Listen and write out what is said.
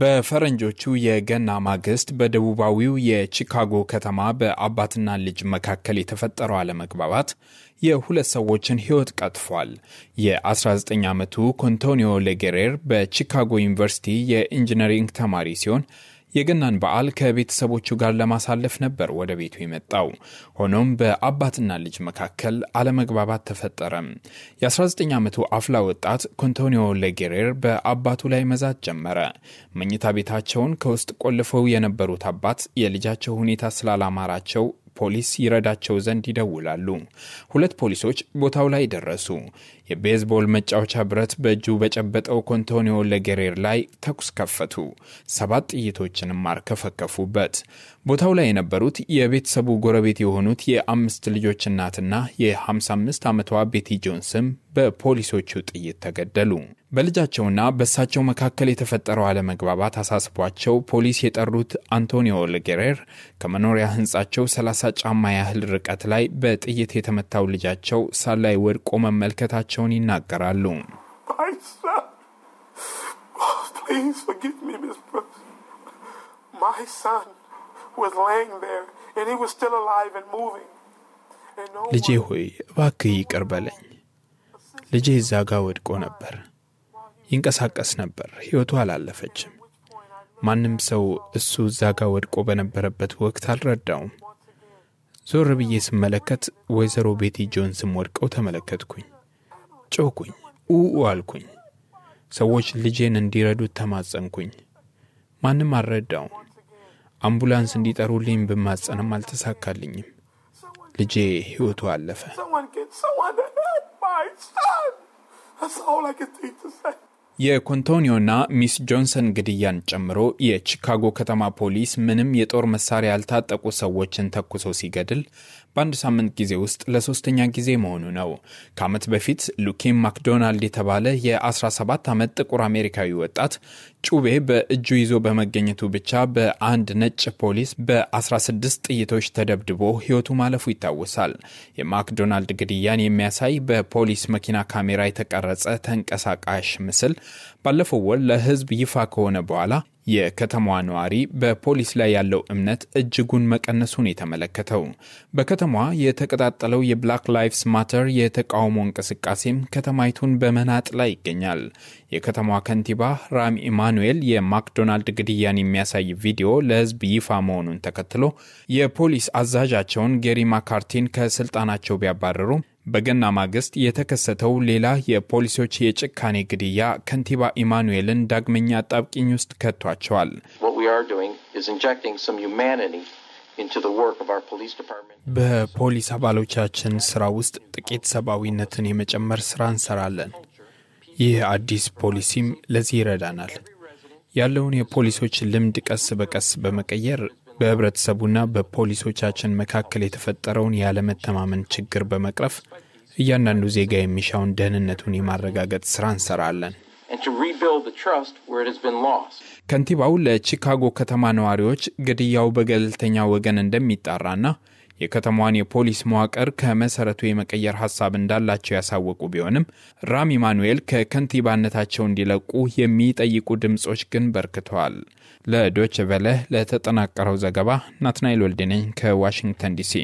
በፈረንጆቹ የገና ማግስት በደቡባዊው የቺካጎ ከተማ በአባትና ልጅ መካከል የተፈጠረው አለመግባባት የሁለት ሰዎችን ሕይወት ቀጥፏል። የ19 ዓመቱ ኮንቶኒዮ ሌጌሬር በቺካጎ ዩኒቨርሲቲ የኢንጂነሪንግ ተማሪ ሲሆን የገናን በዓል ከቤተሰቦቹ ጋር ለማሳለፍ ነበር ወደ ቤቱ የመጣው። ሆኖም በአባትና ልጅ መካከል አለመግባባት ተፈጠረ። የ19 ዓመቱ አፍላ ወጣት ኮንቶኒዮ ለጌሬር በአባቱ ላይ መዛት ጀመረ። መኝታ ቤታቸውን ከውስጥ ቆልፈው የነበሩት አባት የልጃቸው ሁኔታ ስላላማራቸው ፖሊስ ይረዳቸው ዘንድ ይደውላሉ። ሁለት ፖሊሶች ቦታው ላይ ደረሱ። የቤዝቦል መጫወቻ ብረት በእጁ በጨበጠው ኮንቶኒዮ ለጌሬር ላይ ተኩስ ከፈቱ። ሰባት ጥይቶችንም አርከፈከፉበት። ቦታው ላይ የነበሩት የቤተሰቡ ጎረቤት የሆኑት የአምስት ልጆች እናትና የ55 ዓመቷ ቤቲ ጆንስም በፖሊሶቹ ጥይት ተገደሉ። በልጃቸውና በእሳቸው መካከል የተፈጠረው አለመግባባት አሳስቧቸው ፖሊስ የጠሩት አንቶኒዮ ልጌሬር ከመኖሪያ ህንጻቸው 30 ጫማ ያህል ርቀት ላይ በጥይት የተመታው ልጃቸው ሳላይ ላይ ወድቆ መመልከታቸውን ይናገራሉ። My son. was laying there, and he was still alive and moving. ልጄ ሆይ እባክህ ይቅር በለኝ። ልጄ እዛ ጋ ወድቆ ነበር፣ ይንቀሳቀስ ነበር፣ ሕይወቱ አላለፈችም። ማንም ሰው እሱ እዛ ጋ ወድቆ በነበረበት ወቅት አልረዳውም። ዞር ብዬ ስመለከት ወይዘሮ ቤቲ ጆንስም ወድቀው ተመለከትኩኝ። ጮኩኝ፣ ኡኡ አልኩኝ። ሰዎች ልጄን እንዲረዱት ተማጸንኩኝ። ማንም አልረዳውም። አምቡላንስ እንዲጠሩልኝ ብማጸንም አልተሳካልኝም። ልጄ ሕይወቱ አለፈ። የኮንቶኒዮና ሚስ ጆንሰን ግድያን ጨምሮ የቺካጎ ከተማ ፖሊስ ምንም የጦር መሳሪያ ያልታጠቁ ሰዎችን ተኩሶ ሲገድል በአንድ ሳምንት ጊዜ ውስጥ ለሶስተኛ ጊዜ መሆኑ ነው። ከዓመት በፊት ሉኪን ማክዶናልድ የተባለ የ17 ዓመት ጥቁር አሜሪካዊ ወጣት ጩቤ በእጁ ይዞ በመገኘቱ ብቻ በአንድ ነጭ ፖሊስ በ16 ጥይቶች ተደብድቦ ሕይወቱ ማለፉ ይታወሳል። የማክዶናልድ ግድያን የሚያሳይ በፖሊስ መኪና ካሜራ የተቀረጸ ተንቀሳቃሽ ምስል ባለፈው ወር ለህዝብ ይፋ ከሆነ በኋላ የከተማዋ ነዋሪ በፖሊስ ላይ ያለው እምነት እጅጉን መቀነሱን የተመለከተው በከተማዋ የተቀጣጠለው የብላክ ላይፍስ ማተር የተቃውሞ እንቅስቃሴም ከተማይቱን በመናጥ ላይ ይገኛል። የከተማዋ ከንቲባ ራም ኢማኑኤል የማክዶናልድ ግድያን የሚያሳይ ቪዲዮ ለህዝብ ይፋ መሆኑን ተከትሎ የፖሊስ አዛዣቸውን ጌሪ ማካርቲን ከስልጣናቸው ቢያባረሩም በገና ማግስት የተከሰተው ሌላ የፖሊሶች የጭካኔ ግድያ ከንቲባ ኢማኑኤልን ዳግመኛ አጣብቂኝ ውስጥ ከቷቸዋል። በፖሊስ አባሎቻችን ስራ ውስጥ ጥቂት ሰብአዊነትን የመጨመር ስራ እንሰራለን። ይህ አዲስ ፖሊሲም ለዚህ ይረዳናል። ያለውን የፖሊሶች ልምድ ቀስ በቀስ በመቀየር በህብረተሰቡና በፖሊሶቻችን መካከል የተፈጠረውን ያለመተማመን ችግር በመቅረፍ እያንዳንዱ ዜጋ የሚሻውን ደህንነቱን የማረጋገጥ ስራ እንሰራለን። ከንቲባው ለቺካጎ ከተማ ነዋሪዎች ግድያው በገለልተኛ ወገን እንደሚጣራና የከተማዋን የፖሊስ መዋቅር ከመሰረቱ የመቀየር ሀሳብ እንዳላቸው ያሳወቁ ቢሆንም ራም ኢማኑኤል ከከንቲባነታቸው እንዲለቁ የሚጠይቁ ድምፆች ግን በርክተዋል። ለዶችቨለ ለተጠናቀረው ዘገባ ናትናኤል ወልዴነኝ ከዋሽንግተን ዲሲ